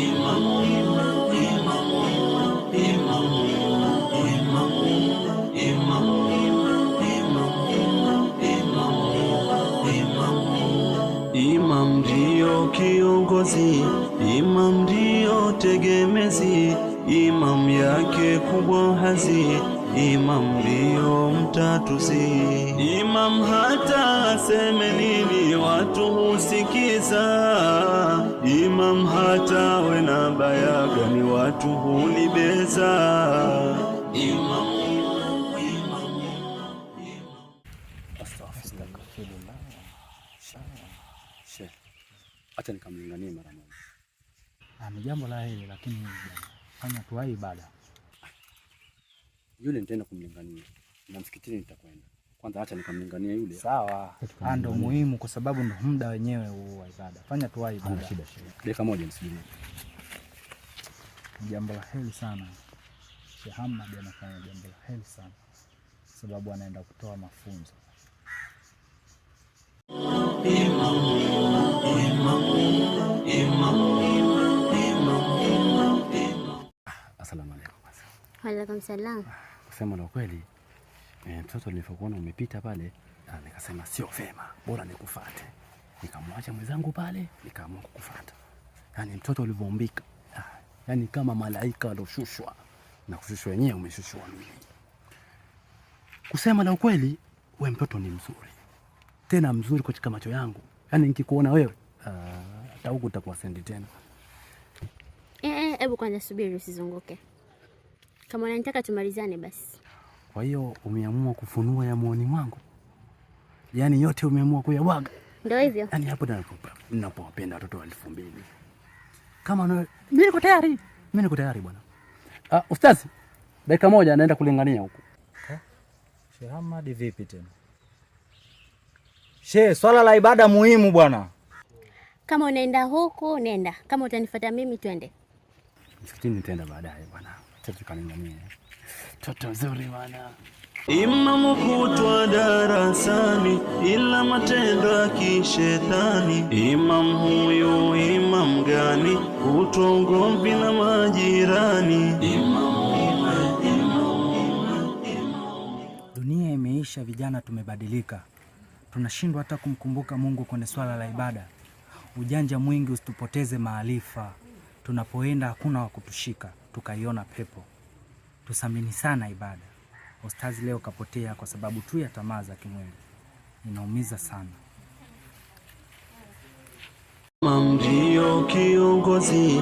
Imam ndio kiongozi, Imam ndio tegemezi, Imam yake kubwa hazi, Imam ndio mtatuzi. Imam hata aseme nini watu husikiza Imam hata we na bayaga ni watu hulibeza. Acha nikamlinganie mara moja. Ah, ni jambo la heri, lakini fanya tuai ibada. Yule nitaenda kumlingania na msikitini nitakwenda. Kwanza acha nikamlingania yule. Sawa. Ah, ndo muhimu kwa sababu ndo muda wenyewe wa ibada. Fanya tuwai ibada. Shida shida. Dakika moja msijini. Jambo la heri sana. Sheikh Ahmad anafanya jambo la heri sana sababu anaenda kutoa mafunzo. Ah, assalamu alaikum. Waalaikum salam. Kusema la kweli E, mtoto nilivyokuona umepita pale ah, nikasema sio vema, bora nikufuate. Nikamwacha mwenzangu pale, nikaamua kukufuata. Yaani mtoto ulivyoumbika, ah, yaani kama malaika aloshushwa na kushushwa wenyewe, umeshushwa mimi. Kusema la ukweli, we mtoto ni mzuri, tena mzuri katika macho yangu. Yaani nikikuona wewe ah, hata huku utakuwa sendi tena. Eh, eh, hebu kwanza subiri, usizunguke. Kama unanitaka tumalizane basi. Kwa hiyo umeamua kufunua ya muoni mwangu, yaani yote umeamua kuyawaga Ndio hivyo, yaani hapo ninapowapenda watoto wa elfu mbili kama no... mimi niko tayari, mimi niko tayari bwana. Uh, ustazi, dakika moja naenda kulingania huku. Eh? Sheikh Ahmad, vipi tena Sheikh? Swala la ibada muhimu bwana, kama unaenda huku nenda, kama utanifuata mimi twende Msikitini nitaenda baadaye bwana. Toto kaning'amia. Toto nzuri bwana. Ima kutwa darasani, ila matendo ya kishetani. Imam huyu imam gani? Kutwa ugomvi na majirani. Dunia imeisha, vijana tumebadilika, tunashindwa hata kumkumbuka Mungu kwenye swala la ibada. Ujanja mwingi usitupoteze maarifa tunapoenda hakuna wa kutushika, tukaiona pepo. Tusamini sana ibada. Ostazi leo kapotea kwa sababu tu ya tamaa za kimwili, inaumiza sana. Ndio kiongozi.